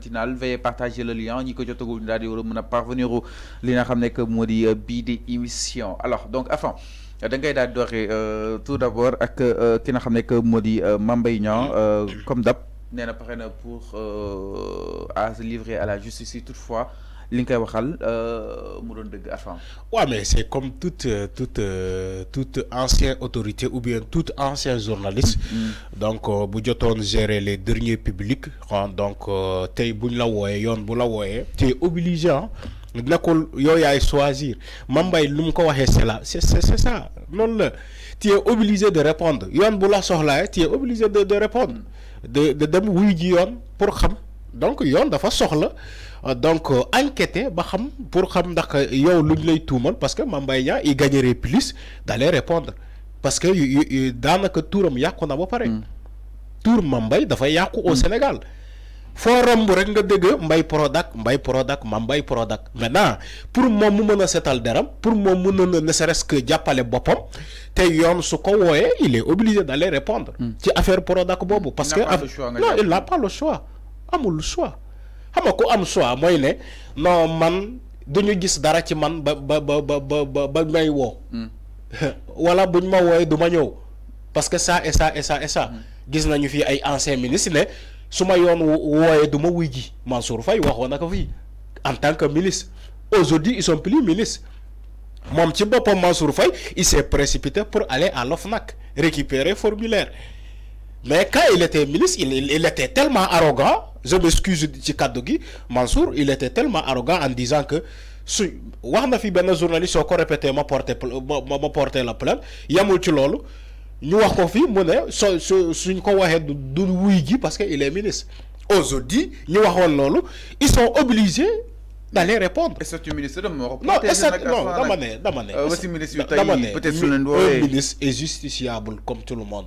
matinal veuillez partager le lien Ni ko jotagul ñu daal di war a mën a parvenir u li que euh, émission alors donc avant da ngay euh, tout d'abord ak euh, ki que moo di Mame Niang comme d'hab nee na pour à se livrer à la justice toutefois li euh, mu mais c'est comme toute euh, toute euh, toute ancienne autorité ou bien tout ancien journaliste. Mm. donc bu jotoon gérer les derniers publics. Hein, donc tey bu ñu la wooyee yoon bu la wooyee. tu es obligé nekkul hein, yow yaay choisir mambay lu ko waxee c'est là c'est c'est ça non la tu es obligé de répondre yoon bu la soxlaa tu es obligé de de répondre mm. de de dem wuy ji yoon pour xam donc yoon dafa soxla. Euh, donc euh, enquêter ba xam pour xam ndax yow luñ lay parce que Mbaye il gagnerait plus d'aller répondre parce que dans tuuram yàqu na ba pare. pareil. Mm. Tour Mbaye dafa yàqu au mm. Sénégal. forum pour rek nga dégg Mbaye Prodac Mbaye Prodac Mbaye Prodac maintenant pour mon mu mën a setal pour mon mu a ne serait-ce que jàppale boppam su ko il est obligé d'aller répondre mm. ci affaire Prodac bobo parce que non il n'a pas le choix amul choix xam am choix moy ne non man duñu gis dara ci man ba ba ba ba ba ba may wo hmm. wala buñ ma woy duma ma parce que ça et ça et ça et ça. Hmm. gis nañu fi ay anciens ministres ne su yoon wooyee duma wuy ji Mansour Faye waxo naka en tant que ministre aujourd'hui ils sont plus ministres mon ci bopam Mansour Faye il s'est précipité pour aller à l'OFNAC récupérer formulaire mais quand il était ministre il il était tellement arrogant je m'excuse ce kàddu gi Mansour il était tellement arrogant en disant que si on a fi un journaliste soo répété ma porté porté la plainte il y a ñu wax ko fi fait ne so suñ ko waxee du wuy parce qu'il est ministre aujourd'hui ñu avons lolo ils sont obligés d'aller répondre. est ce que ministre de wax. non est ce que non dama ne euh, dama peut-être un ministre est justiciable comme tout le monde.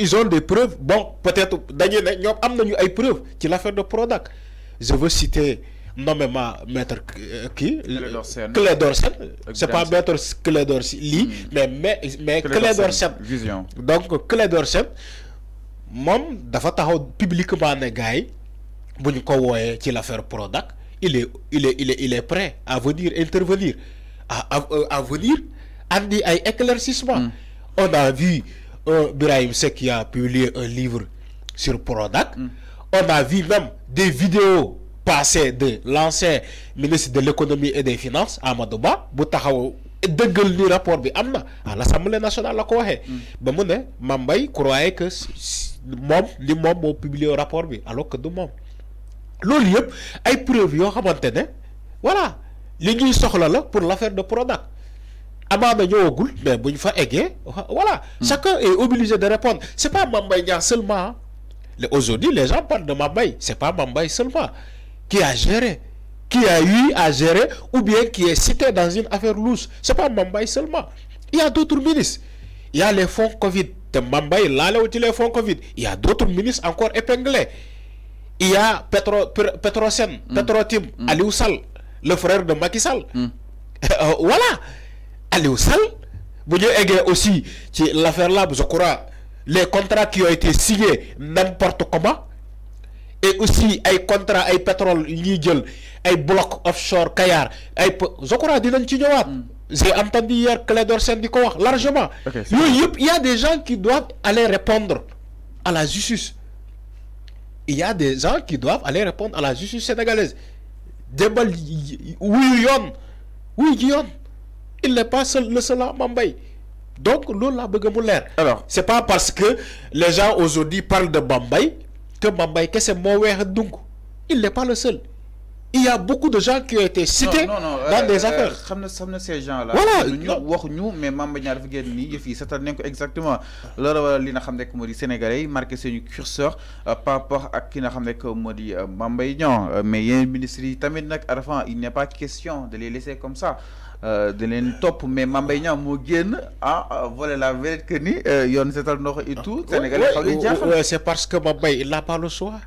ils ont des preuves bon peut-être Daniel ne ñoom am nañu ay preuves ci l'affaire de Prodac je veux citer nommément maître euh, qui Clédor d'Orsen. c'est pas maître Clédor lii hmm. mais mais mais Clédor Sène donc Clédor Sène moom dafa publiquement ne gars ko l'affaire Prodac il est il est il est il est prêt à venir intervenir à à à venir ay éclaircissement hmm. on a vu un Birahim Sek qui a publié un livre sur Prodac. Mm. On a vu même des vidéos passées de l'ancien ministre de l'économie et des finances, Amadouba, de dëggal ni rapport bi am à l'Assemblée nationale la ko mm. ba mu croyait que les membres ont publié un rapport bi alors que de mom. loolu prévu ay preuves yoo xamante voilà les ñuy soxla pour l'affaire de Prodac mais voilà. Hmm. chacun est obligé de répondre Ce n'est pas Mambay seulement hein. aujourd'hui les gens parlent de Mame Ce n'est pas Mame seulement qui a géré qui a eu à gérer ou bien qui est cité dans une affaire lousse. Ce n'est pas Mame seulement il y a d'autres ministres il y a les fonds Covid les fonds Covid il y a d'autres ministres encore épinglés il y a Petro Petrosen hmm. Petrotim hmm. Aliou le frère de Makissal. Euh, voilà Aliou au bu Vous avez aussi l'affaire là je crois les contrats qui ont été signés n'importe comment et aussi les contrats les pétrole les jël offshore Kayar ay je crois j'ai entendu hier que les deux syndicats largement. il y a des gens qui doivent aller répondre à la justice il y a des gens qui doivent aller répondre à la justice sénégalaise. Oui, Guillaume. Oui, Guillaume il n'est pas seul, le seul à Bambay. Donc, l'eau la Alors, c'est pas parce que les gens aujourd'hui parlent de Bambay que Bambay, que c'est Mouer Il n'est pas le seul il y a beaucoup de gens qui ont été cités dans des affaires. Euh, euh, ces gens-là. Voilà. Nous, mais Mamba Niar Vigeni, exactement. Lors de l'Inahamdek Sénégalais, marqué c'est un curseur euh, par rapport euh, euh, à l'Inahamdek Modi Mamba Niar. Mais il y a un ministre il n'y a pas question de les laisser comme ça. Euh, de leen top mais Mame Mbaye Niang moo génn ah la vérité que ni yoon seetal ndox et tout. Sénégalais xaw nañu jaaxal c'est parce que Mame il n'a pas le choix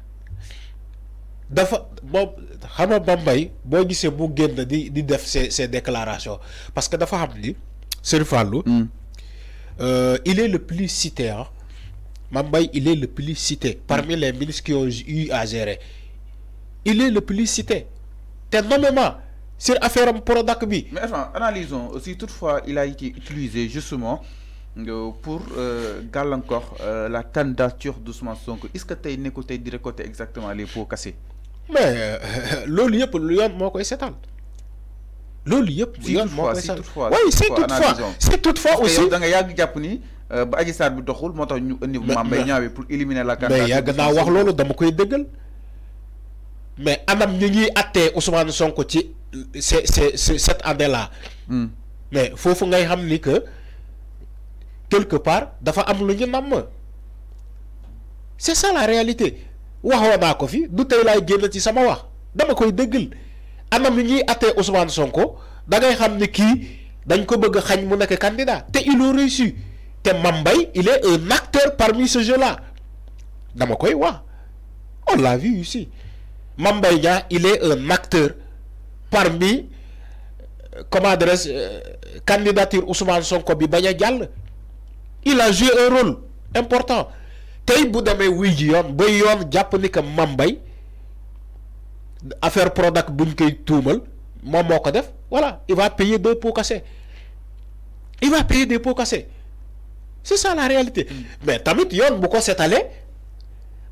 dafa moom xam nga Bambey boo gisee mu génn di di def ses ses déclarations parce que dafa xam ni Serigne Fallou hmm. euh, il est le plus cité ah il est le plus cité parmi les ministres qui ont eu à gérer il est le plus cité te nommément sur affaire pour Prodac bi. mais enfin analysons aussi toutefois il a été utilisé justement euh, pour encore euh, la candidature d'Ousmane Sonko est-ce que es nekkul tey di côté exactement les pots cassés mais euh, loolu yëpp yoon moo koy seetaan loolu yëpp. yoon moo koy seetaan oui c' est toutefois c' est toutefois aussi da nga yàgg jàpp ni euh, ba Adji bi doxul moo tax ñu indi. Mame Mbaye Niang pour éliminer la. carte mais yàgg naa wax loolu dama koy dëggal mais anam ñu ñuy attee Ousmane Sonko ci c'est c'est cette année là. Hmm. mais foofu ngay xam ni que quelque part dafa am lu ñu namm. c' est ça la réalité waxoon d'où ko fi du tay lay génn ci sama wax dama koy Ousmane Sonko da ngay xamni ki dañ candidat il a réussi té Mambay il est un acteur parmi ce jeu là dama koy on l'a vu ici Mambay il est un acteur parmi euh, comment adresse euh, candidature Ousmane Sonko bi baña a il a joué un rôle important tay bu demee wuy ji yoon ba yoon japp ni que mambay affaire product buñ koy tuumal mom moko def voilà il va payer deux pots cassés il va payer des pots cassés c'est ça la réalité mm. mais tamit yoon bu ko allé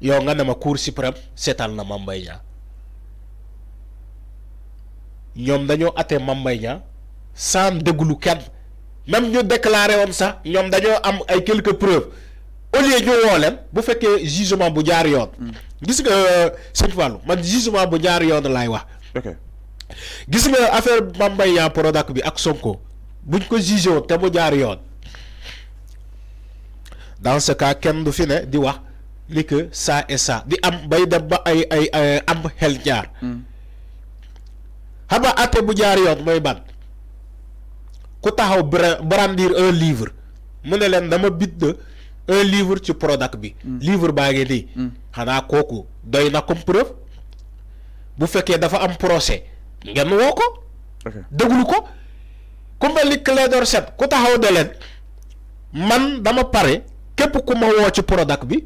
yow nga ne ma cour suprême seetaan na Mame Mbaye Niang ñoom dañoo àtte Mame Mbaye sans déglu kenn même ñu déclaré woon sax ñoom dañoo am ay quelques preuves au lieu ñu woo leen bu fekkee jugement bu jaar yoon. Mm. gis nga euh, sëñ Fallou man jugement bu jaar yoon laay wax. gis nga affaire Mame Mbaye Prodac bi ak Sonko buñ ko jugé woon te mu jaar yoon dans ce cas kenn du fi ne di wax. ni que ça et di am bay dem ba ay ay am xel ñaar hmm. xam nga bu jaar yoon mooy ban ku taxaw brandir un livre mu ne leen dama bind un livre ci Prodac bi hmm. livre baa ngi nii hmm. xanaa kooku doy na comme bu fekkee dafa am procès ngeen woo ko déglu ko ku mel ni Clédor Sène ku taxaw ne leen man dama pare képp ku ma woo ci Prodac bi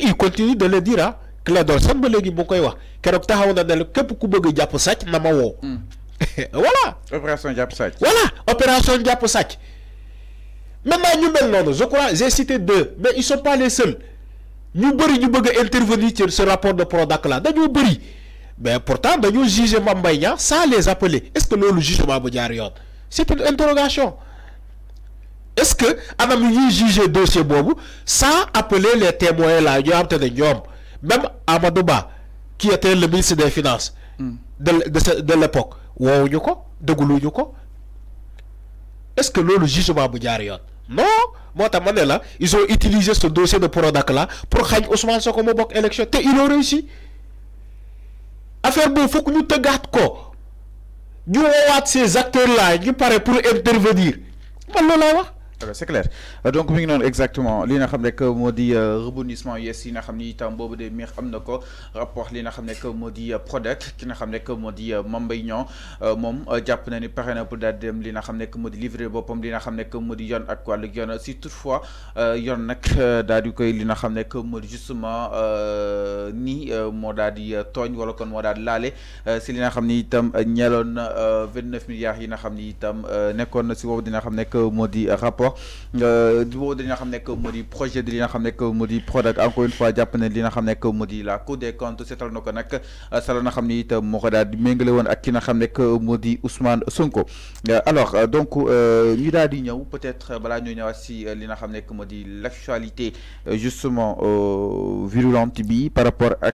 te il continue de le dire ah la Sène ba léegi mu koy wax kérok taxaw na dal kep ku bëgg japp sàcc na ma hmm. voilà. opération japp sàcc. voilà opération jàpp même maintenant ñu mel noonu je crois j'ai cité deux mais ils sont pas les seuls ñu bëri ñu bëgg intervenir sur ce rapport de Prodac là dañu bëri mais pourtant dañu juger Mame Mbaye sans les appeler est-ce que loolu jugement bu jaar yoon c'est une interrogation est-ce que avant jugé juger dossier Bobu sans appeler les témoins là même Amadouba qui était le ministre des finances. Hmm. de de l'époque est-ce que le jugement bu jaar non moi ils ont utilisé ce dossier de Prodac pour gagner Ousmane Sokomo l'élection. élection ils ont réussi affaire faut que nous nous ko Nous avons ces acteurs là ñu pare pour intervenir man c'est clair donc mi ngi noonu exactement li nga xam rek modi di rebondissement yes yi nga xam ni tam bobu de miir am na ko rapport li nga xam rek modi product ki nga xam rek modi di Mame Mbaye Niang na ni pare na pour daal dem li nga xam rek modi livrer boppam li nga xam rek modi yon yoon ak wàllu yoon si toutefois yon nak daal di koy li nga xam rek modi justement ni mo daal di togn wala kon mo daal di laale si li nga xam ni tam ñeeloon 29 neuf milliards yi nga xam ni tam nekkoon na si boobu dina xam rek modi rapport euh, projet de li nga xam nekk encore une fois jàpp ne li nga la Cour des comptes seetal na à nag xamni na xam ko dal di won ak ki nga Ousmane Sonko euh, alors euh, donc ñu dal di ñëw peut-être bala ñu ñëwaat si li nga xam l'actualité justement virulente bi par rapport à